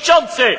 przewodniczący!